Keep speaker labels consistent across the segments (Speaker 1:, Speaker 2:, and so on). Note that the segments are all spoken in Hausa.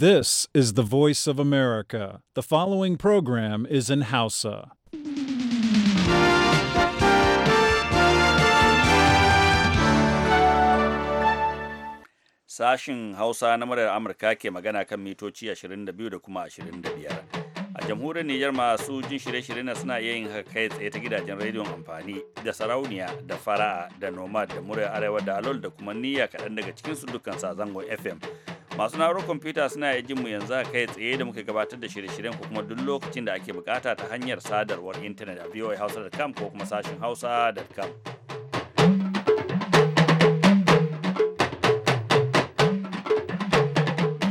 Speaker 1: This is the voice of America. The following program is in
Speaker 2: Hausa.
Speaker 3: Sashin Hausa na murar Amurka ke magana kan mitoci 22 da kuma 25. A jamhuriyar Nijar masu jin shirye-shirye na suna yin haka kai tsaye ta gidajen rediyon amfani da sarauniya da fara'a da nomad da murar arewa da alol da kuma niyya kaɗan daga cikinsu dukkan sazango FM. masu na'urar kwamfuta suna iya mu yanzu a kai tsaye da muka gabatar da shirye-shiryen ko kuma duk lokacin da ake bukata ta hanyar sadarwar intanet a voahausa.com ko kuma sashin hausa.com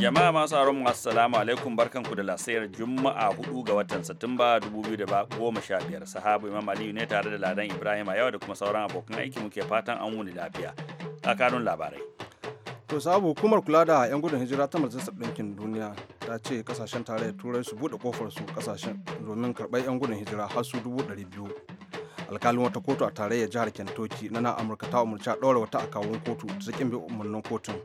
Speaker 3: jama'a masu aron mu assalamu alaikum barkanku da lasayar juma'a 4 ga watan satumba 2015 sahabu imam aliyu ne tare da ladan ibrahim a yau da kuma sauran abokan aiki muke fatan an wuni lafiya a kanun labarai
Speaker 4: to sabu hukumar kula da 'yan gudun hijira ta majalisar ɗinkin duniya ta ce kasashen tarayyar turai su buɗe kofar su kasashen domin karɓar 'yan gudun hijira har su dubu ɗari biyu alkalin wata kotu a tarayyar jihar kentucky na na amurka ta umarci a ɗaura wata akawun kotu ta ƙin bi umarnin kotun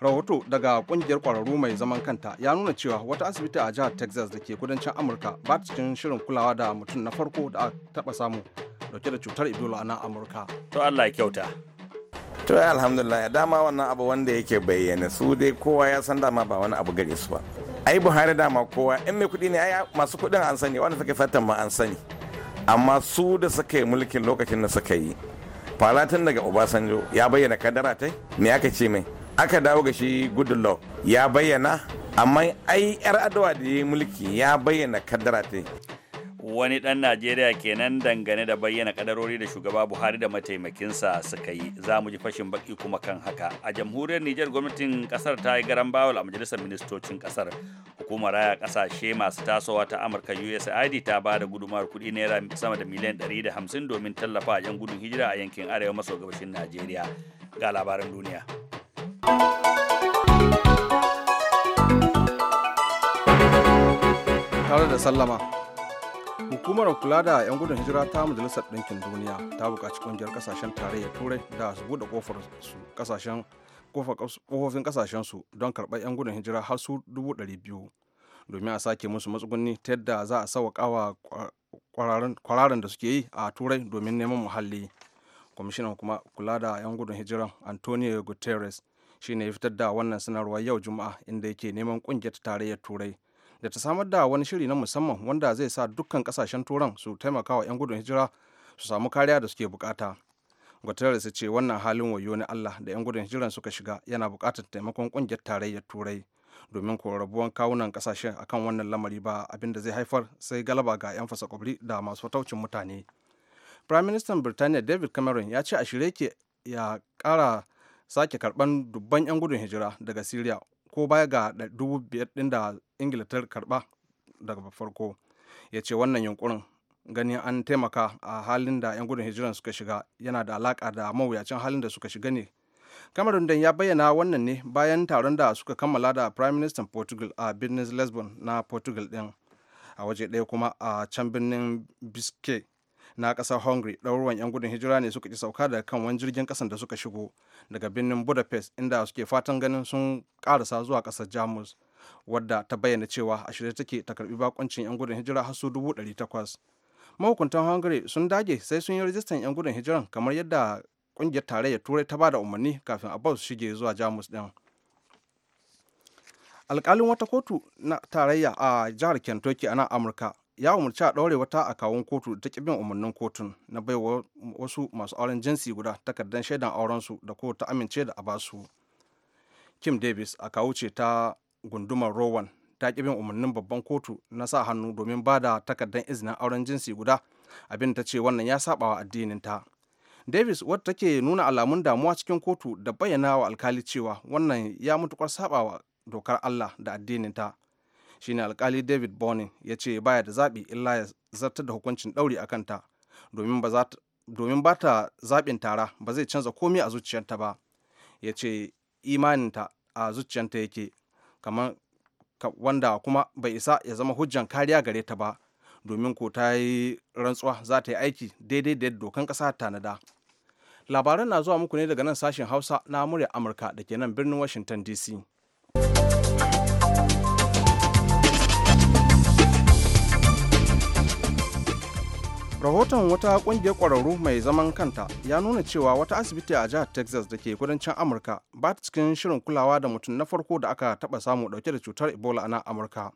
Speaker 4: rahoto daga kungiyar kwararru mai zaman kanta ya nuna cewa wata asibiti a jihar texas da ke kudancin amurka ba ta cikin shirin kulawa da mutum na farko da a taɓa samu dauke da cutar ebola a nan amurka to allah kyauta
Speaker 5: to alhamdulillah dama wannan abu wanda yake bayyana su dai kowa ya san dama ba wani abu gare su ba ai buhari dama kowa in mai kuɗi ne ai masu kuɗin an sani wanda suka fatan ma an sani amma su da suka yi mulkin lokacin da suka yi falatin daga obasanjo ya bayyana kadara tai me aka ce mai aka dawo ga shi goodlaw ya bayyana amma ai yar adawa da ya mulki ya bayyana kadara tai
Speaker 3: wani ɗan najeriya kenan dangane da bayyana kadarori da shugaba buhari da mataimakinsa suka yi za mu ji fashin baki kuma kan haka a jamhuriyar nijar gwamnatin kasar ta yi garan bawa a majalisar ministocin kasar hukumar raya kasashe masu tasowa ta amurka usaid ta ba da gudumar kuɗi naira sama da miliyan 150 domin tallafa a yan gudun hijira a yankin arewa maso gabashin najeriya ga labaran duniya
Speaker 4: tare da sallama hukumar kula da 'yan gudun hijira ta majalisar ɗinkin duniya ta buƙaci ƙungiyar ƙasashen tarayyar turai da su buɗe ƙofar su ƙasashen ƙofofin don karɓar 'yan gudun hijira har su dubu ɗari biyu domin a sake musu matsuguni ta yadda za a sauƙa wa kwararen da suke yi a turai domin neman muhalli kwamishinan kuma kula da 'yan gudun hijiran antonio guterres shine ya fitar da wannan sanarwar yau juma'a inda yake neman ƙungiyar tarayyar turai da ta samar da wani shiri na musamman wanda zai sa dukkan kasashen turan su taimakawa 'yan gudun hijira su samu kariya da suke bukata guterres ce wannan halin wayo na allah da 'yan gudun hijiran suka shiga yana bukatar taimakon kungiyar tarayyar turai domin ko rabuwan kawunan kasashen akan wannan lamari ba abin da zai haifar sai galaba ga 'yan fasa kwabri da masu fataucin mutane prime minister birtaniya david cameron ya ce a shirye ke ya kara sake karban dubban 'yan gudun hijira daga syria ko baya ga dubu biyar din da ingila ta karba daga farko ya ce wannan yunkurin ganin an taimaka a halin da 'yan gudun hijiran suka shiga yana da alaƙa da mawuyacin halin da suka shiga ne kamarun don ya bayyana wannan ne bayan taron da suka kammala da prime minister portugal a birnin lesbon na portugal din a waje ɗaya kuma a can birnin biske na ƙasar hungary ɗauruwan 'yan gudun hijira ne suka ki sauka daga kan wani jirgin ƙasan da suka shigo daga birnin budapest inda suke fatan ganin sun ƙarasa zuwa ƙasar jamus wadda ta bayyana cewa a shirye take ta karbi bakoncin 'yan gudun hijira har su dubu ɗari takwas mahukuntan hungary sun dage sai sun yi rajistan 'yan gudun hijiran kamar yadda kungiyar tarayyar turai ta bada umarni kafin abbas shige zuwa jamus din alkalin wata kotu na tarayya a jihar kentucky a nan amurka ya umarci a ɗaure wata a kawun kotu da ta bin umarnin kotun na baiwa wasu masu auren jinsi guda takardar shaidan auren su da ko ta amince da a basu kim davis a kawo ce ta gundumar rowan ta ƙi bin umarnin babban kotu na sa hannu domin ba da takardar izinin auren jinsi guda abin ta ce wannan ya saba wa addinin ta davis wadda take nuna alamun damuwa cikin kotu da bayyana wa alkali cewa wannan ya mutukar saba wa dokar allah da addinin ta shine alkali david bonin ya ce baya da zaɓi illa ya zartar da hukuncin ɗauri a kanta domin ba ta zaɓin tara ba zai canza komai a zuciyarta ba ya ce imaninta a zuciyarta yake kamar wanda kuma bai isa ya zama hujjan kariya gare ta ba domin ko ta yi rantsuwa za ta yi aiki daidai da dokan ƙasa tanada labaran na zuwa muku ne daga nan sashen hausa na murya amurka da ke nan birnin washington dc rahoton wata kungiyar kwararru mai zaman kanta ya nuna cewa wata asibiti a jihar texas da ke kudancin amurka ba ta cikin shirin kulawa da mutum na farko da aka taba samu dauke da cutar ebola a amurka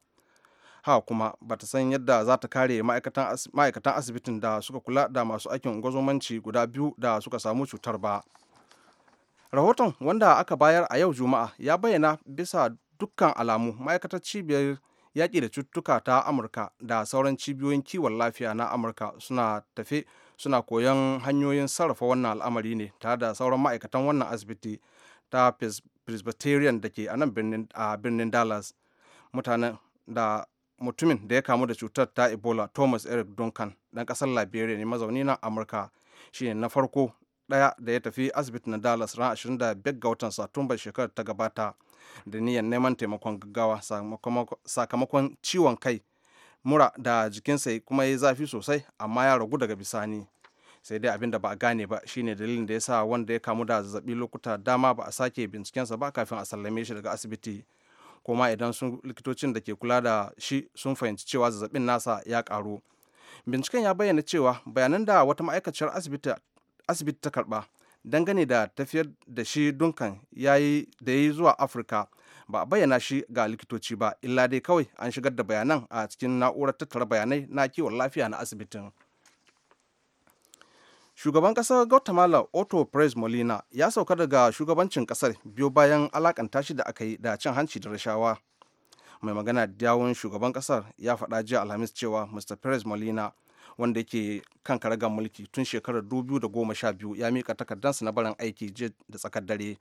Speaker 4: ha kuma ba ta san yadda za ta kare ma'aikatan asibitin da suka kula da masu aikin gwazomanci guda biyu da suka samu cutar ba rahoton wanda aka bayar a yau juma'a ya bayyana bisa dukkan alamu ma'aikatar cibiyar yaƙi da cututtuka ta amurka da sauran cibiyoyin kiwon lafiya na amurka suna tafe suna koyon hanyoyin sarrafa wannan al'amari ne tare da sauran ma'aikatan wannan asibiti ta presbyterian da ke a nan birnin dallas mutanen da mutumin da ya kamu da cutar ta ebola thomas eric duncan ɗan ƙasar liberia ne mazauni na amurka shine na farko ɗaya da ya tafi asibiti na dallas ran 25 ga watan satumba shekarar ta gabata da niyyar neman taimakon gaggawa sakamakon ciwon kai mura da jikinsa kuma ya zafi sosai amma ya ragu daga bisani sai dai abin da ba a gane ba shine dalilin da ya sa wanda ya kamu da zazzabi lokuta dama ba a sake bincikensa ba kafin a sallame shi daga asibiti kuma idan sun likitocin da ke kula da shi sun fahimci cewa zazzabin nasa ya karu binciken ya bayyana cewa bayanan da wata ma'aikaciyar asibiti ta karba dangane da tafiyar da shi dunkan da ya yi zuwa afirka ba a bayyana shi ga likitoci ba illa dai kawai an shigar da bayanan a cikin na'urar tattara bayanai na kiwon lafiya na asibitin shugaban kasar guatemala otto pres molina ya sauka daga shugabancin kasar biyo bayan alakanta shi da aka yi da cin hanci da rashawa mai magana da yawon shugaban kasar ya faɗa jiya alhamis cewa mr perez molina wanda yake kan karagar mulki tun shekarar 2012 ya mika takardarsa na barin aiki jiya da tsakar dare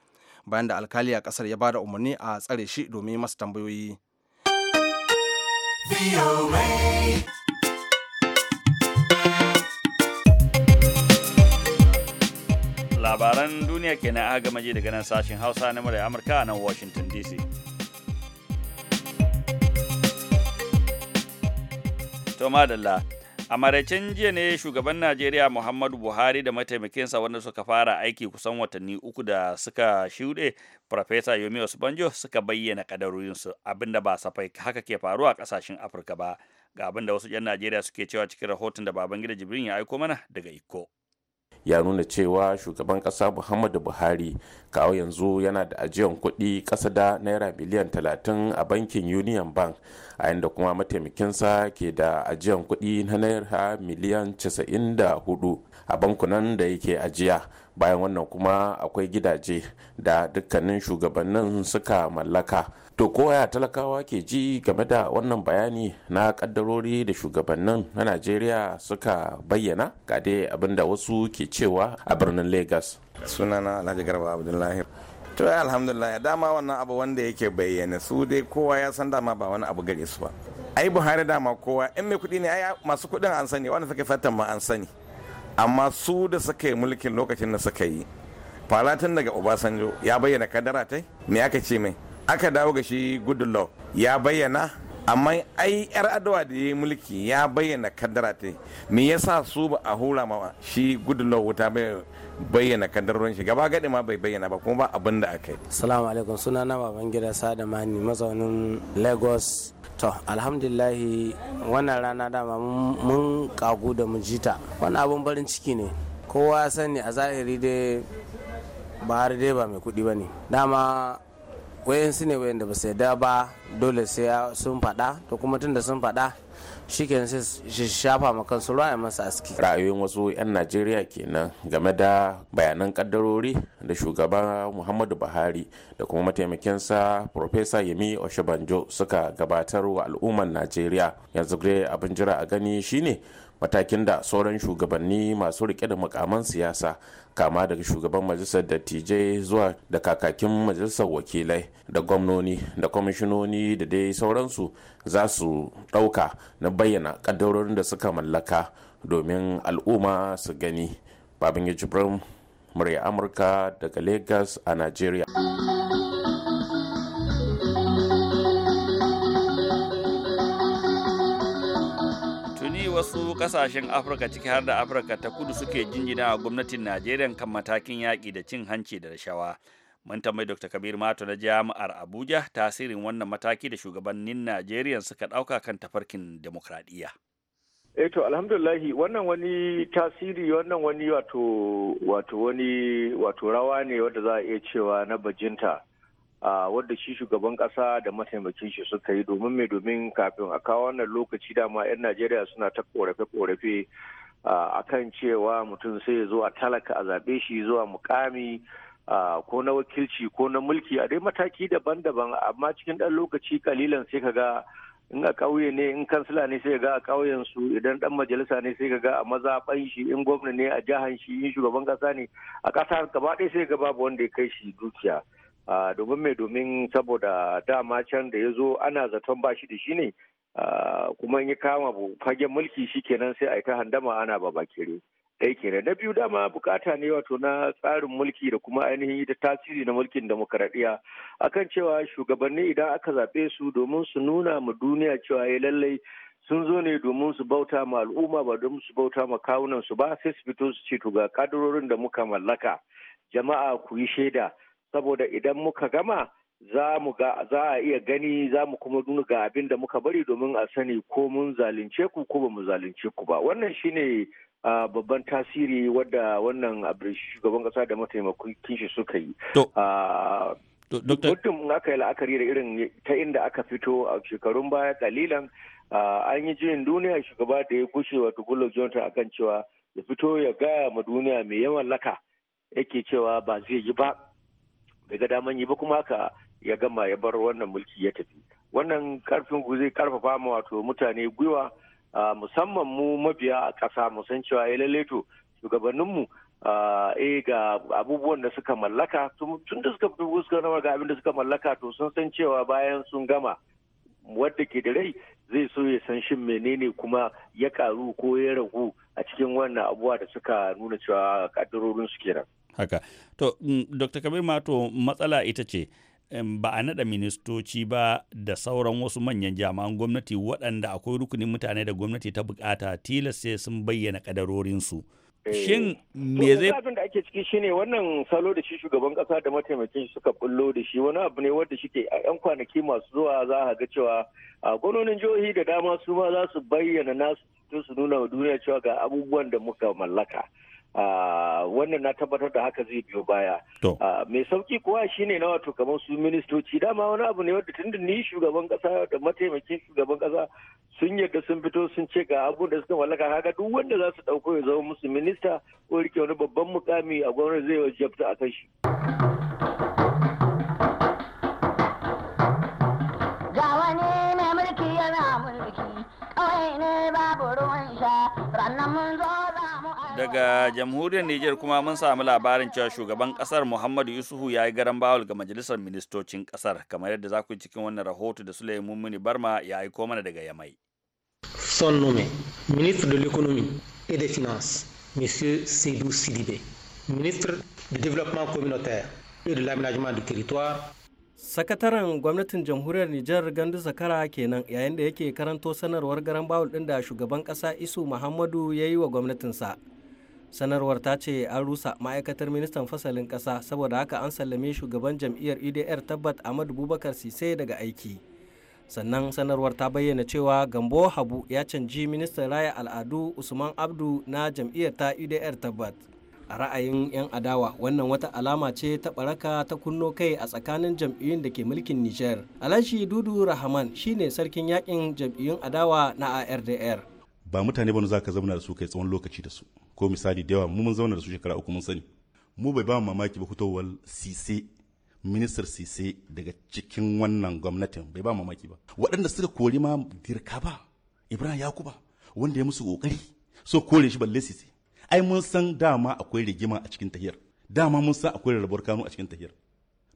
Speaker 4: bayan da alkali a kasar ya bada umarni a tsare shi domin masa tambayoyi.
Speaker 2: Labaran
Speaker 3: duniya kenan aka gama daga nan sashen Hausa na murya Amurka a nan Washington DC. To madalla. a maraicen jiya ne shugaban najeriya muhammadu buhari da mataimakinsa wanda suka fara aiki kusan watanni uku da suka shuɗe farfesa yomi osbanjo suka bayyana kadarorinsu abinda ba safai haka ke faruwa a ƙasashen afirka ba ga abinda wasu 'yan najeriya suke cewa cikin rahoton da babangida jibrin ya aiko mana daga iko
Speaker 6: ya nuna cewa shugaban kasa muhammadu buhari kawo yanzu yana da ajiyar kuɗi ƙasa da naira miliyan 30 a bankin union bank a yadda kuma mataimakinsa ke da ajiyar kuɗi na naira miliyan 94 a bankunan da yake ajiya bayan wannan kuma akwai gidaje da dukkanin shugabannin suka mallaka to koya talakawa ke ji game da wannan bayani na kaddarori da shugabannin na najeriya suka bayyana ga dai abinda wasu ke cewa a birnin lagos
Speaker 5: sunana alhaji garba abdullahi to alhamdulillah dama wannan abu wanda yake bayyana su dai kowa ya san dama ba wani abu gare su ba ai buhari dama kowa in mai kuɗi ne aya masu kuɗin an sani wanda suka fatan ma an sani amma su da suka yi mulkin lokacin da suka yi falatin daga obasanjo ya bayyana kadara tai me aka ce mai aka dawo ga shi goodlaw ya bayyana amma ai yar adawa da ya yi mulki ya bayyana kaddara ta me yasa su ba a hura ma shi goodlaw wuta bayyana kaddarorin shi gaba gadi ma bai bayyana ba kuma ba abin da aka yi
Speaker 6: salamu alaikum suna na baban gida sada mani mazaunin lagos to alhamdulillahi wannan rana dama mun kagu da mu jita wani abun barin ciki ne kowa sani a zahiri dai ba har dai ba mai kuɗi ba ne dama wayansu ne wayanda ba su yarda ba dole sai sun faɗa to kuma tunda sun faɗa shikenan sai shi shafa ma kansu ruwa ya masa aski ra'ayoyin wasu 'yan najeriya kenan game da bayanan kaddarori da shugaban muhammadu buhari da kuma mataimakinsa profesa yemi oshibanjo suka gabatar wa al'ummar najeriya yanzu dai abin jira a gani shine matakin da sauran shugabanni masu rike da mukaman siyasa kama daga shugaban majalisar dattijai zuwa da kakakin majalisar wakilai da gwamnoni da kwamishinoni da dai sauransu za su ɗauka na bayyana ƙaddarorin da suka mallaka domin al'umma su gani babin ya murya amurka daga lagos a nigeria
Speaker 3: wasu kasashen afirka ciki har da afirka ta kudu suke jinjina a gwamnatin najeriya kan matakin yaƙi da cin hanci da rashawa mun tambayi dr kabir mato na jami'ar abuja tasirin wannan mataki da shugabannin najeriya suka ɗauka kan tafarkin demokradiyya
Speaker 7: eh to alhamdulillahi wannan wani tasiri wannan wani wato wani wato rawa ne wanda za a iya cewa na bajinta wadda shi shugaban kasa da mataimakin shi suka yi domin mai domin kafin a kawo wannan lokaci dama 'yan najeriya suna ta korafe-korafe a kan cewa mutum sai zuwa talaka a zaɓe shi zuwa mukami ko na wakilci ko na mulki a dai mataki daban-daban amma cikin ɗan lokaci kalilan sai ka ga in a ƙauye ne in kansila ne sai ga a ƙauyen su idan dan majalisa ne sai ga a mazaɓan shi in gwamna ne a jihar shi in shugaban kasa ne a ƙasa gaba ɗaya sai ga babu wanda ya kai shi dukiya domin mai domin saboda dama can da ya zo ana zaton bashi da shi ne kuma in ya kama fagen mulki shi kenan sai a yi ta handama ana babakere ɗaya kenan na biyu dama bukata ne wato na tsarin mulki da kuma ainihin ita tasiri na mulkin demokaradiyya akan cewa shugabanni idan aka zaɓe su domin su nuna ma duniya cewa ya eh, lallai sun zo ne domin su bauta ma al'umma ba domin su bauta ma kawunan su ba sai su fito su ce to ga kadarorin da muka mallaka jama'a ku yi shaida saboda idan muka gama za mu za a iya gani za mu kuma nuna ga abin da muka bari domin a sani ko mun zalunce ku ko ba mu zalunce ku ba wannan shine Uh, babban tasiri wadda wannan shugaban kasa da mataimakon shi suka yi. Mutum aka yi la'akari da irin ta inda aka fito a shekarun baya kalilan an yi jirin duniya shugaba da ya gushe wato Goodluck Jonathan akan cewa ya fito ya gaya ma duniya mai yawan laka yake cewa ba zai yi ba bai ga daman yi ba kuma haka ya gama ya bar wannan mulki ya tafi wannan karfin zai karfafa ma wato mutane gwiwa musamman mu mabiya a ƙasa mu san cewa ya eh, lalle to shugabanninmu eh ga abubuwan da suka mallaka tun da suka fito suka nawa ga abin da suka mallaka to sun san cewa bayan sun gama wadda ke da rai zai so ya san shin menene kuma ya karu ko ya ragu a cikin wannan abubuwa da suka nuna cewa kaddarorin su kenan.
Speaker 3: haka to mm, dr kabir mato matsala ita ce ba a naɗa ministoci ba da sauran wasu manyan jami'an gwamnati waɗanda akwai rukunin mutane da gwamnati ta bukata tilas sai sun bayyana kadarorinsu eh, shin me zai abin
Speaker 7: da ake ciki shine wannan salo da shi shugaban kasa da mataimakin shi suka bullo da shi wani abu ne wanda shike a yan kwanaki masu zuwa za a ga cewa a gwamnonin jihohi da dama su ma za su bayyana nasu su nuna wa duniya cewa ga abubuwan da muka mallaka Ah, wannan na tabbatar da haka zai biyo baya ah, mai sauki kuwa shine na wato kamar su ministoci dama wani abu ne wadda tun da ni shugaban kasa da mataimakin shugaban kasa sun yadda sun fito sun ce ga abubuwan da suka mallaka haka duk wanda za su dauko ya zama musu minista ko rike wani babban mukami a gwamnati zai jabta a kan shi
Speaker 8: ga wani mulki yana mulki
Speaker 3: daga jamhuriyar Nijar kuma mun samu labarin cewa shugaban kasar Muhammadu Yusufu ya yi garan bawul ga majalisar ministocin kasar kamar yadda za ku yi cikin wannan rahoto da Sulaiman Muni Barma ya aiko mana daga Yamai.
Speaker 9: Son nome, ministre de l'économie et des finances, monsieur Seydou sidibe ministre de développement communautaire et de l'aménagement du territoire, sakataren gwamnatin jamhuriyar nijar gandu zakara kenan yayin da yake karanto sanarwar garan bawul din da shugaban ƙasa isu muhammadu ya yi wa gwamnatinsa sanarwar ta ce an rusa ma'aikatar ministan fasalin ƙasa saboda haka an sallame shugaban jam'iyyar EDR tabbat ahmadu bubakar Sisai daga aiki sannan sanarwar ta bayyana cewa gambo habu ya canji ministan raya al'adu usman abdu na jam'iyyar ta EDR tabbat a ra'ayin 'yan adawa wannan wata alama ce ta baraka ta kunno kai a tsakanin jam'iyyun da ke mulkin nijar alhaji dudu rahman shine sarkin yakin jam'iyyun adawa na ardr
Speaker 6: ba mutane ba za ka zauna da su kai tsawon lokaci da su ko misali da yawa mu mun zauna da su shekara uku mun sani mu bai ba mu mamaki ba fitowar sise ministar sise daga cikin wannan gwamnatin bai ba mamaki ba waɗanda suka kori ma dirka ba ibrahim yakuba wanda ya musu kokari so kore shi balle sise ai mun san dama akwai rigima a cikin tahiyar dama mun san akwai rabuwar kanu a cikin tahiyar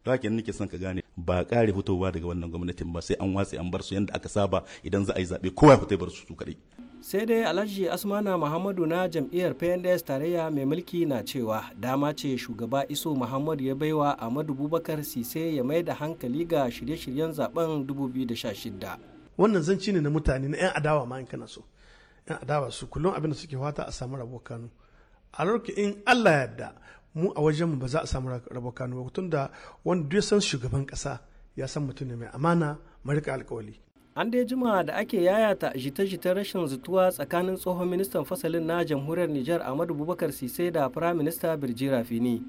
Speaker 6: da haka nake son ka gane ba kare fitowa daga wannan gwamnatin ba sai an watsi an bar su yanda aka saba idan za a yi zaɓe kowa fitai fita bar su su kaɗai. sai dai alhaji asmana
Speaker 9: muhammadu na jam'iyyar pnds tarayya mai mulki na cewa dama ce shugaba iso muhammadu ya baiwa amadu bubakar sise ya mai da hankali ga shirye-shiryen zaben
Speaker 8: 2016 wannan zanci ne na mutane na 'yan adawa ma so 'yan adawa su kullum abin da suke fata a samu rabo kanu a in Allah yadda mu a wajenmu ba za a samu rabo kanu ba tunda wanda duk san shugaban kasa ya san mutum ne mai amana marika alkawali
Speaker 9: an dai jima da ake yayata jita jita rashin zutuwa tsakanin tsohon ministan fasalin na jamhuriyar Nijar Ahmadu Bubakar Sise da Prime Minista Birji Rafini.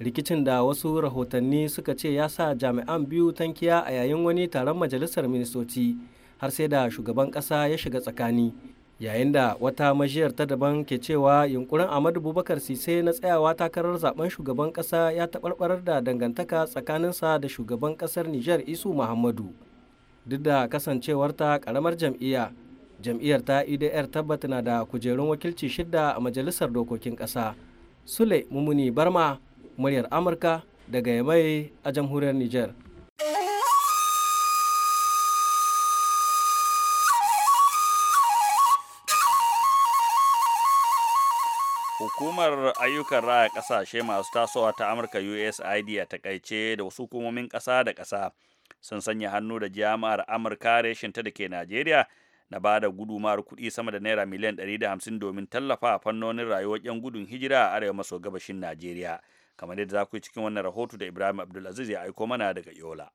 Speaker 9: Rikicin da wasu rahotanni suka ce ya sa jami'an biyu tankiya a yayin wani taron majalisar ministoci har sai da shugaban kasa ya shiga tsakani. yayin da wata majiyar ta daban ke cewa yunkurin amadu bubakar sise na tsayawa takarar zaben shugaban kasa ya taɓarɓarar da dangantaka tsakaninsa da shugaban kasar nijar isu muhammadu duk da kasancewarta karamar jam'iyya jam'iyyar ta idr e tabbata na da kujerun wakilci shidda a majalisar dokokin kasa sule mumuni barma muryar amurka daga yamai a jamhuriyar nijar
Speaker 3: hukumar ayyukan raya kasashe masu tasowa ta amurka usaid a takaice da wasu hukumomin kasa da kasa sun sanya hannu da jami'ar amurka reshen ta da ke najeriya na ba da gudumar kuɗi sama da naira miliyan 150 domin tallafa a fannonin rayuwar 'yan gudun hijira a arewa maso gabashin najeriya kamar yadda za ku yi cikin wannan rahoto da ibrahim abdulaziz ya aiko mana daga yola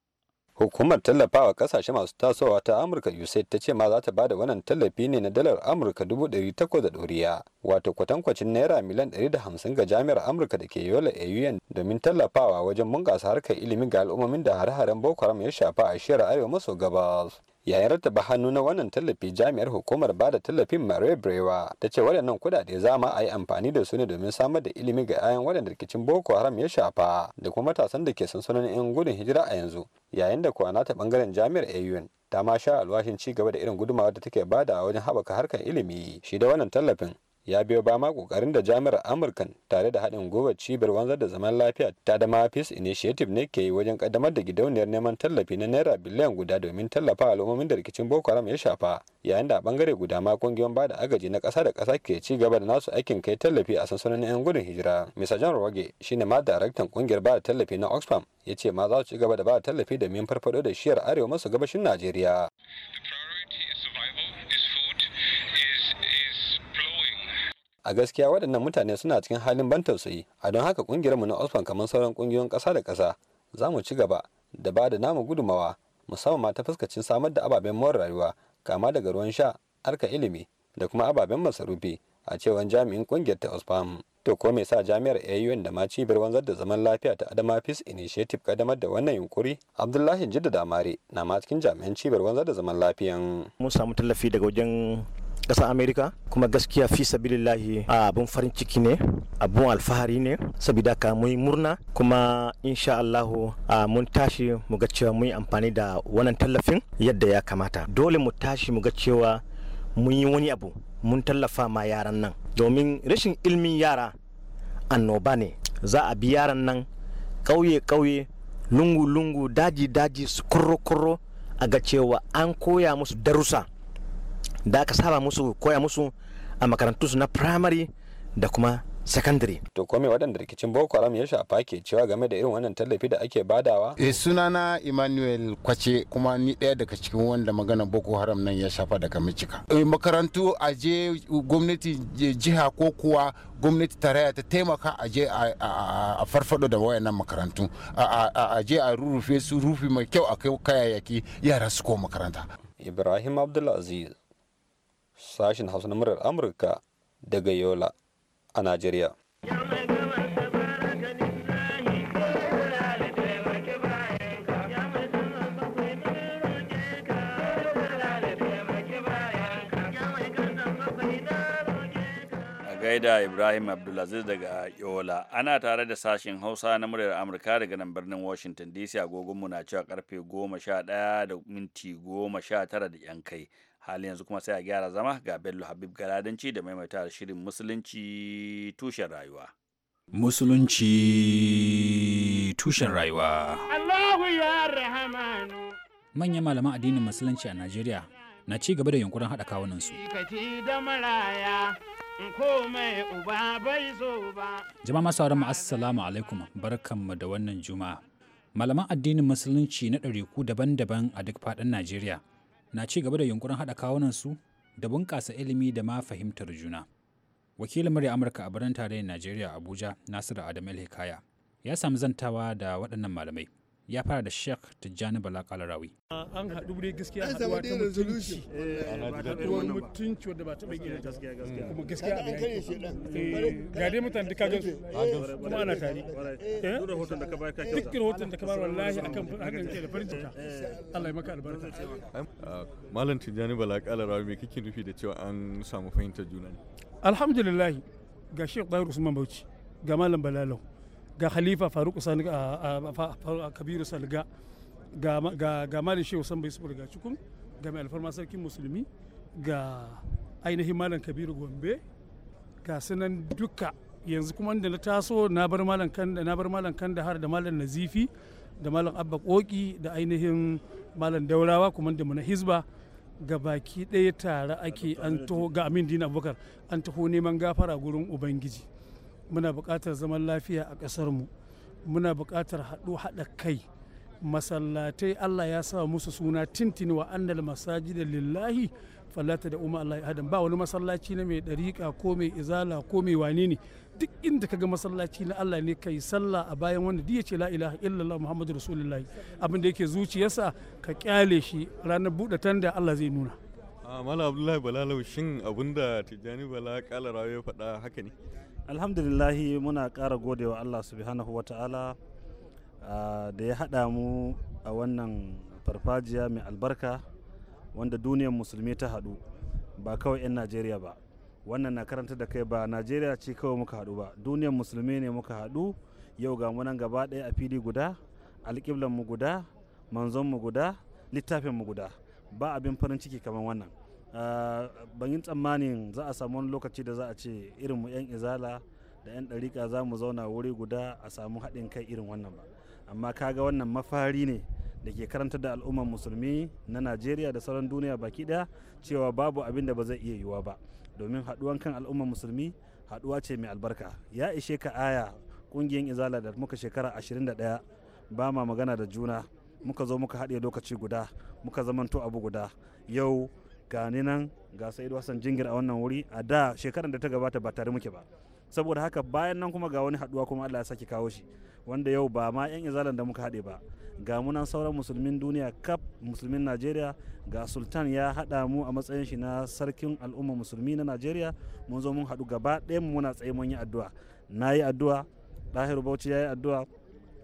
Speaker 10: hukumar tallafawa kasashe masu tasowa ta amurka usaid ta ce ma za ta ba da wannan tallafi ne na dalar amurka dubu ɗari takwas da ɗoriya wato kwatankwacin naira miliyan ɗari da hamsin ga jami'ar amurka da ke yola un domin tallafawa wajen bunƙasa harkar ilimi ga al'ummomin da hare-haren boko haram ya shafa a shiyar arewa maso gabas yayin rattaba hannu na wannan tallafi jami'ar hukumar ba da tallafin mare Brewa ta ce waɗannan kuɗaɗe za ma a yi amfani da su ne domin samar da ilimi ga 'ya'yan waɗanda rikicin Boko Haram ya shafa da kuma matasan da ke sansanonin 'yan gudun hijira a yanzu yayin da kwana ta bangaren jami'ar AUN ta ma sha alwashin ci gaba da irin gudumawa da take bada wajen haɓaka harkar ilimi shi da wannan tallafin ya biyo ba ma kokarin da jami'ar amurkan tare da haɗin gwiwa cibiyar wanzar da zaman lafiya ta dama peace initiative ne ke yi wajen kaddamar da gidauniyar neman tallafi na naira biliyan guda domin tallafa al'ummomin da rikicin boko haram ya shafa yayin da a bangare guda ma kungiyoyin ba da agaji na ƙasa da ƙasa ke ci gaba da nasu aikin kai tallafi a sansanonin 'yan gudun hijira mr john roge shine ma daraktan kungiyar ba da tallafi na oxfam ya ce ma za su ci gaba da ba da tallafi domin farfado da shiyar arewa masu gabashin najeriya a gaskiya waɗannan mutane suna cikin halin ban tausayi a don haka ƙungiyar mu na osman kamar sauran ƙungiyoyin ƙasa da ƙasa za mu ci gaba da ba da namu gudumawa musamman ma ta fuskacin samar da ababen more rayuwa kama daga ruwan sha harka ilimi da kuma ababen masarufi a cewar jami'in ƙungiyar ta osfam to ko me sa jami'ar AUN da ma cibiyar wanzar da zaman lafiya ta Adama Peace Initiative kaddamar da wannan yunkuri Abdullahi Jidda Damare na ma cikin jami'an cibiyar
Speaker 9: wanzar da zaman lafiyan mun samu tallafi daga wajen ƙasar Amerika kuma gaskiya fi sabilillahi abun farin ciki ne abun alfahari ne saboda ka mun murna kuma insha Allahu mun tashi mu ga cewa mun amfani da wannan tallafin yadda ya kamata dole mu tashi mu ga cewa mun yi wani abu mun tallafa ma yaran nan domin rashin ilmin yara annoba ne za a bi yaran nan ƙauye kauye lungu-lungu daji-daji su kurro-kurro a ga cewa an koya musu darusa da aka saba musu koya musu a makarantu su na
Speaker 6: primary da kuma secondary.
Speaker 10: To kome waɗanda rikicin Boko Haram ya shafa ke cewa game da irin wannan tallafi da ake badawa?
Speaker 6: E sunana Emmanuel Kwace kuma ni ɗaya daga cikin wanda magana Boko Haram nan ya shafa daga macika. E, eh, makarantu a je gwamnati jiha ko kuwa gwamnati tarayya ta taimaka a je a farfado da wayannan makarantu a je a rurrufe su rufi mai kyau a kayayyaki yara su ko
Speaker 10: makaranta. Ibrahim Abdulaziz Sashen hausa na murar amurka daga yola a najeriya
Speaker 3: gaida Ibrahim Abdulaziz daga Yola. Ana tare da sashen Hausa na muryar Amurka daga nan birnin Washington DC agogonmu na cewa karfe 11 da minti 19 da 'yan kai. halin yanzu kuma sai a gyara zama ga bello habib galadanci da maimaita shirin musulunci tushen rayuwa
Speaker 1: musulunci tushen rayuwa
Speaker 8: Allahu ya rahamanu manyan
Speaker 3: malaman addinin
Speaker 1: musulunci a najeriya na ci gaba da yunkurin haɗa su jama masu sauran assalamu alaikum barkanmu da wannan juma'a malaman addinin musulunci na ɗariku daban-daban a duk faɗin najeriya na ci gaba da yunkurin haɗa kawunansu da bunƙasa ilimi da ma fahimtar juna. Wakilin murya Amurka a birnin tarayyar Najeriya Abuja Nasiru adamu El ya sami zantawa da waɗannan malamai. ya fara da Sheikh Tijjani Bala Kalarawi.
Speaker 11: An haɗu dai gaskiya haɗuwa ta mutunci. Eh, Haɗuwar mutunci wadda ba ta bai gina gaskiya Kuma gaskiya abin kare shi ɗan. Eh, ga dai mutane duka gansu. Kuma ana tare. Eh, duk rahoton da ka bayar ka kyauta. Duk wallahi akan hakan ke da farin jika Allah ya maka albarka.
Speaker 10: Ah, Malam Tijjani Bala Kalarawi me kake nufi da cewa an samu fahimtar juna ne?
Speaker 11: Alhamdulillah ga Sheikh Bayar Usman Bauchi ga Malam Balalau. ga Khalifa Faruk Sani Kabiru Salga ga ga Malam Shehu Sambai Sufur ga Cikum ga mai alfarma sarkin musulmi ga ainihin Malam Kabiru Gombe ga sunan duka yanzu kuma da na taso na bar malam kanda na bar malam kanda har da malam nazifi da malam abba koki da ainihin malam daurawa kuma da na hizba ga baki ɗaya tare ake an taho ga amin dina abubakar an taho neman gafara gurin ubangiji muna buƙatar zaman lafiya a ƙasarmu muna buƙatar haɗu haɗa kai masallatai Allah ya sa musu suna tintini wa annal masajida lillahi fallata da umma Allah ba wani masallaci na mai dariƙa ko mai izala ko mai wane ne duk inda kaga masallaci na Allah ne kai sallah a bayan wanda duk yace la ilaha illallah muhammadu rasulullah abin da yake zuciyarsa ka kyale shi ranar buɗe tanda Allah zai nuna
Speaker 10: ah, Mala Abdullahi Balalau shin abinda Tijjani Bala kala rawa ya faɗa haka ne?
Speaker 2: alhamdulillahi muna kara gode wa allah subhanahu wa ta'ala ah, da ya haɗa mu a wannan farfajiya mai albarka wanda duniyar musulmi ta haɗu ba kawai 'yan najeriya ba wannan na karanta da kai ba najeriya ce kawai muka haɗu ba duniyar musulmi ne muka haɗu yau ga munan gaba ɗaya a fili guda alƙiblan mu guda manzon mu guda littafin mu guda ba abin farin ciki kamar wannan Ah, ban yi tsammanin za a samu wani lokaci da za a ce irin mu 'yan izala da 'yan ɗarika za mu zauna wuri guda a samu haɗin kai irin wannan ba amma kaga wannan mafari ne da ke karantar da al'ummar musulmi na najeriya da sauran duniya baki ɗaya cewa babu abin da ba zai iya yiwuwa ba domin haɗuwan kan al'ummar musulmi haɗuwa ce mai albarka ya ishe ka aya ƙungiyar izala da muka shekara ashirin da ɗaya ba ma magana da juna muka zo muka haɗe lokaci guda muka zamanto abu guda yau ga ni nan ga sa'idu hassan jingir a wannan wuri a da shekarar da ta gabata ba tare muke ba saboda haka bayan nan kuma ga wani haduwa kuma allah ya saki kawo shi wanda yau ba ma yan izalan da muka haɗe ba ga munan sauran musulmin duniya kap musulmin najeriya ga sultan ya haɗa mu a matsayin shi na sarkin al'umma musulmi na najeriya mun zo mun haɗu gaba ɗaya mu muna tsaye mun yi addu'a na yi addu'a ɗahiru bauchi ya yi addu'a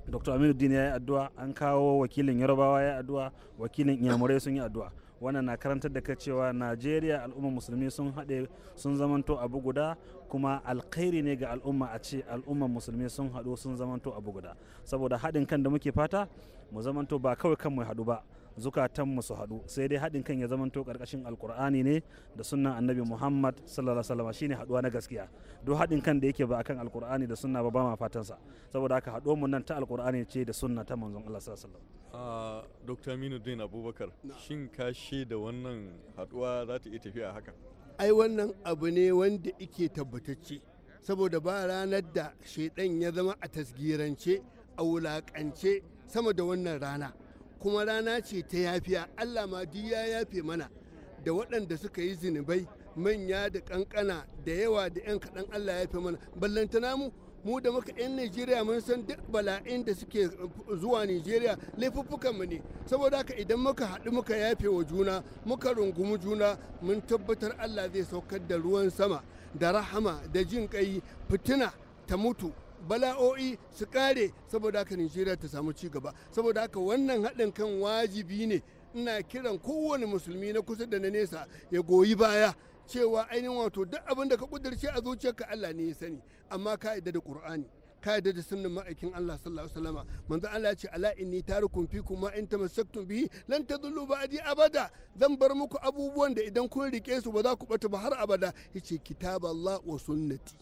Speaker 2: dr aminu dini ya yi addu'a an kawo wakilin Yarbawa ya yi addu'a wakilin iyamurai sun yi addu'a wannan na karantar da ka cewa najeriya al'ummar musulmi sun haɗe sun zamanto abu guda kuma alkhairi ne ga al'umma a ce al'ummar musulmi sun haɗu sun zamanto abu guda saboda haɗin kan da muke fata mu zamanto ba kawai kan mu haɗu ba zukatanmu su haɗu sai dai haɗin kan ya zamanto ƙarƙashin alkur'ani ne da sunnan annabi muhammad sallallahu alaihi wasallam shine haɗuwa na gaskiya duk haɗin kan da yake ba akan alkur'ani da sunna ba ba ma fatan sa saboda haka haɗo mu nan ta alkur'ani
Speaker 8: ce da sunna ta manzon allah sallallahu
Speaker 10: alaihi wasallam dr aminuddin abubakar shin ka da wannan haɗuwa za ta iya tafiya haka
Speaker 8: ai wannan abu ne wanda ike tabbatacce saboda ba ranar da shaidan ya zama a tasgirance a wulakance sama da wannan rana kuma rana ce ta yafiya allah ma duk ya yafe mana da waɗanda suka yi zinubai manya da ƙanƙana da yawa da 'yan kaɗan allah ya yafe mana ballantana mu mu da muka 'yan Najeriya mun san duk bala'in da suke zuwa Najeriya mu ne saboda haka idan muka haɗu muka yafe wa juna muka rungumi juna mun tabbatar Allah zai saukar da ruwan sama da rahama da jin ƙai fitina ta mutu bala'o'i su kare saboda haka Nijeriya ta samu ci gaba saboda haka wannan haɗin kan wajibi ne ina kiran kowane musulmi na kusa da na nesa ya goyi baya cewa ainihin wato duk abin da ka kudirce a zuciyarka Allah ne ya sani amma ka yadda da Qur'ani ka yadda da sunnan ma'aikin Allah sallallahu alaihi wasallama manzo Allah ya ce ala inni tarukum fikum ma in tamassaktum bihi lan tadullu ba'di abada zan bar muku abubuwan da idan kun rike su ba za ku bata ba har abada yace kitaballah wa sunnati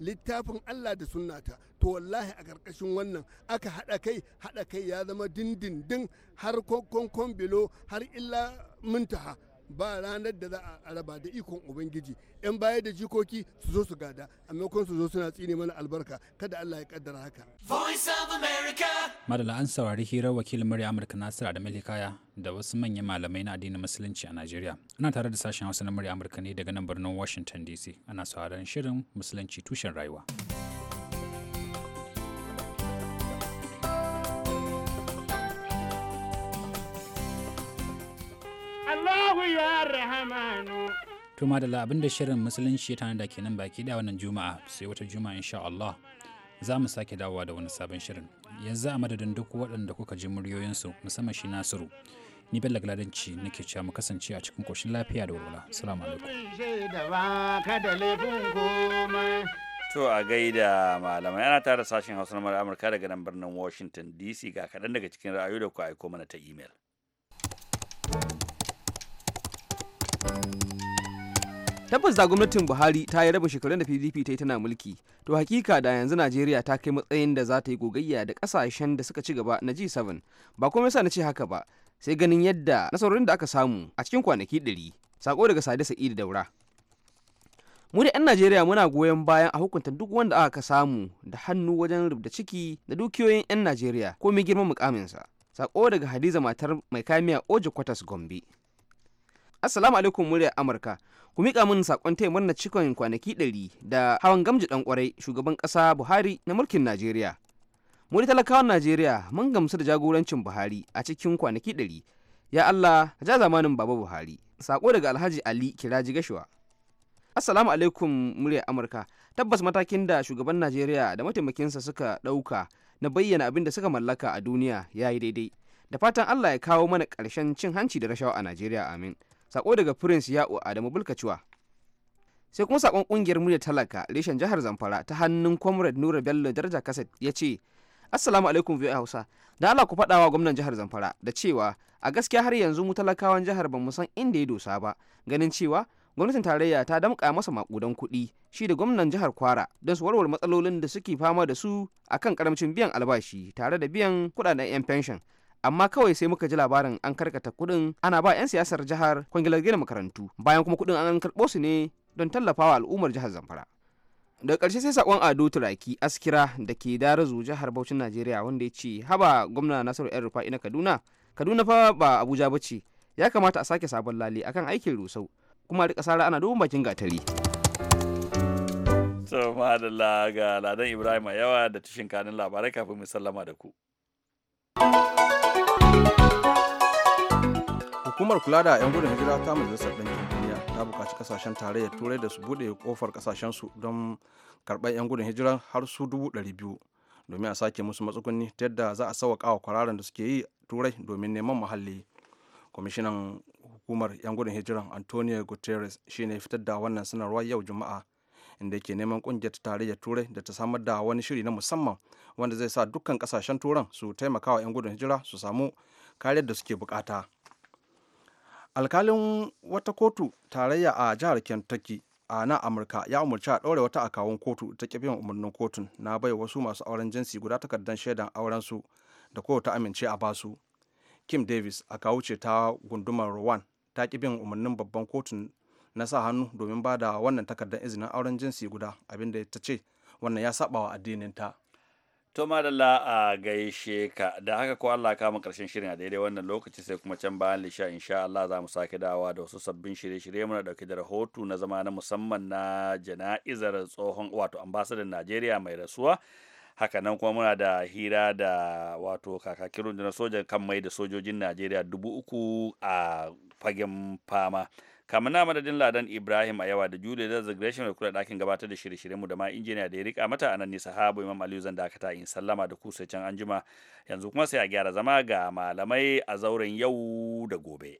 Speaker 8: littafin Allah da sunnata to wallahi a ƙarƙashin wannan aka haɗa kai haɗa kai ya zama dindindin har kokon bilo har illa muntaha ba ranar da za a raba da ikon ubangiji yan baya da jikoki su zo su gada a maimakon su zo suna tsine mana albarka kada Allah ya kaddara haka Voice of America
Speaker 1: Madala an saurari hirar wakilin murya Amurka Nasir Adam Kaya da wasu manyan malamai na addinin musulunci a Najeriya ana tare da sashen Hausa na murya Amurka ne daga nan birnin Washington DC ana sauraron shirin musulunci tushen rayuwa
Speaker 8: ya rahamanu
Speaker 1: to madalla abinda shirin musulunci ya tanada nan baki da wannan juma'a sai wata juma'a insha Allah za mu sake dawowa da wani sabon shirin yanzu a madadin duk waɗanda kuka ji muryoyinsu musamman shi nasiru ni bella gladanci nake cewa mu kasance a cikin koshin lafiya da walwala salamu
Speaker 8: alaikum
Speaker 3: to a gaida malamai ana tara sashen hausa na amurka daga nan birnin washington dc ga kaɗan daga cikin ra'ayoyi da ku aiko mana ta email
Speaker 12: tabbas da gwamnatin buhari ta yi raba shekarun da pdp ta yi tana mulki to hakika da yanzu najeriya ta kai matsayin da za ta yi gogayya da kasashen da suka ci gaba na g7 ba kuma yasa na ce haka ba sai ganin yadda nasarorin da aka samu a cikin kwanaki ɗari sako daga sade sa'id daura mu da 'yan najeriya muna goyon bayan a hukunta duk wanda aka samu da hannu wajen rubda ciki da dukiyoyin 'yan najeriya ko mai girman mukaminsa sako daga hadiza matar mai kamiya oje kwatas gombe Assalamu alaikum muryar Amurka. Ku miƙa min saƙon taya na cikon kwanaki ɗari da hawan gamji ɗan ƙwarai shugaban ƙasa Buhari na mulkin Najeriya. Muri talakawan Najeriya mun gamsu da jagorancin Buhari a cikin kwanaki ɗari. Ya Allah, ja zamanin Baba Buhari. Saƙo daga Alhaji Ali Kiraji Gashuwa. Assalamu alaikum muryar Amurka. Tabbas matakin da shugaban Najeriya da mataimakinsa suka ɗauka na bayyana abin da suka mallaka a duniya ya yi daidai. Da fatan Allah ya kawo mana ƙarshen cin hanci da rashawa a Najeriya amin. sako daga prince ya'u adamu cewa sai kuma sakon kungiyar murya talaka reshen jihar zamfara ta hannun comrade nura bello daraja kaset ya ce assalamu alaikum vi'a hausa da ala ku faɗawa gwamnan jihar zamfara da cewa a gaskiya har yanzu mu talakawan jihar ba mu san inda ya dosa ba ganin cewa gwamnatin tarayya ta damƙa masa maƙudan kuɗi shi da gwamnan jihar kwara don su warware matsalolin da suke fama da su akan karamcin biyan albashi tare da biyan kuɗaɗen 'yan fenshin. amma kawai sai muka ji labarin an karkata kuɗin ana ba 'yan siyasar jihar kwangilar gina makarantu bayan kuma kuɗin an karɓo su ne don tallafawa al'ummar jihar zamfara daga ƙarshe sai sakon ado turaki askira da ke darazu jihar bauchin najeriya wanda ya ce haba gwamna nasiru yan rufa na kaduna kaduna fa ba abuja ba ce ya kamata a sake sabon lale akan aikin rusau kuma rika sara ana dubin bakin gatari
Speaker 3: to madalla ga ladan ibrahim yawa da tushen kanin labarai kafin mu sallama da ku
Speaker 4: hukumar kula da 'yan gudun hijira ta majalisar ɗinkin duniya ta buƙaci kasashen tarayyar turai da su buɗe kofar su don karɓar 'yan gudun hijira har su dubu ɗari biyu domin a sake musu matsukuni ta yadda za a sauƙa wa kwararan da suke yi turai domin neman muhalli kwamishinan hukumar 'yan gudun hijira antonio guterres ne fitar da wannan sanarwa yau juma'a inda yake neman ƙungiyar tarayyar turai da ta samar da wani shiri na musamman wanda zai sa dukkan kasashen turan su taimakawa 'yan gudun hijira su samu kariyar da suke bukata. alkalin wata kotu tarayya a jihar kentucky a nan amurka ya umarci a ɗaure wata akawun kotu ta ƙi umarnin kotun na bai wasu masu auren jinsi guda takardar shaidan aurensu da da ta amince a basu kim davis a kawo ce ta gundumar rowan ta ƙi bin umarnin babban kotun na sa hannu domin ba da wannan takardar izinin auren jinsi guda abinda ta ce wannan ya saba wa ta.
Speaker 3: To madalla a gaishe ka da haka ko Allah kama karshen shirin a daidai wannan lokaci sai kuma can bayan lisha insha Allah za mu sake dawa da wasu sabbin shirye-shirye muna dauke da rahoto na zama na musamman na jana'izar tsohon wato ambasadan Najeriya mai rasuwa haka nan kuma muna da hira da wato kakakin rundunar sojan kan mai da sojojin Najeriya dubu uku a fagen fama. kamar na madadin ladan ibrahim a yawa da julia da zagreshin da kula ɗakin gabatar da shirye-shiryen mu da ma injiniya da ya rika mata a nan nisa habu imam aliyu zan dakata in sallama da ku sai can anjima yanzu kuma sai a gyara zama ga malamai a zauren yau da gobe.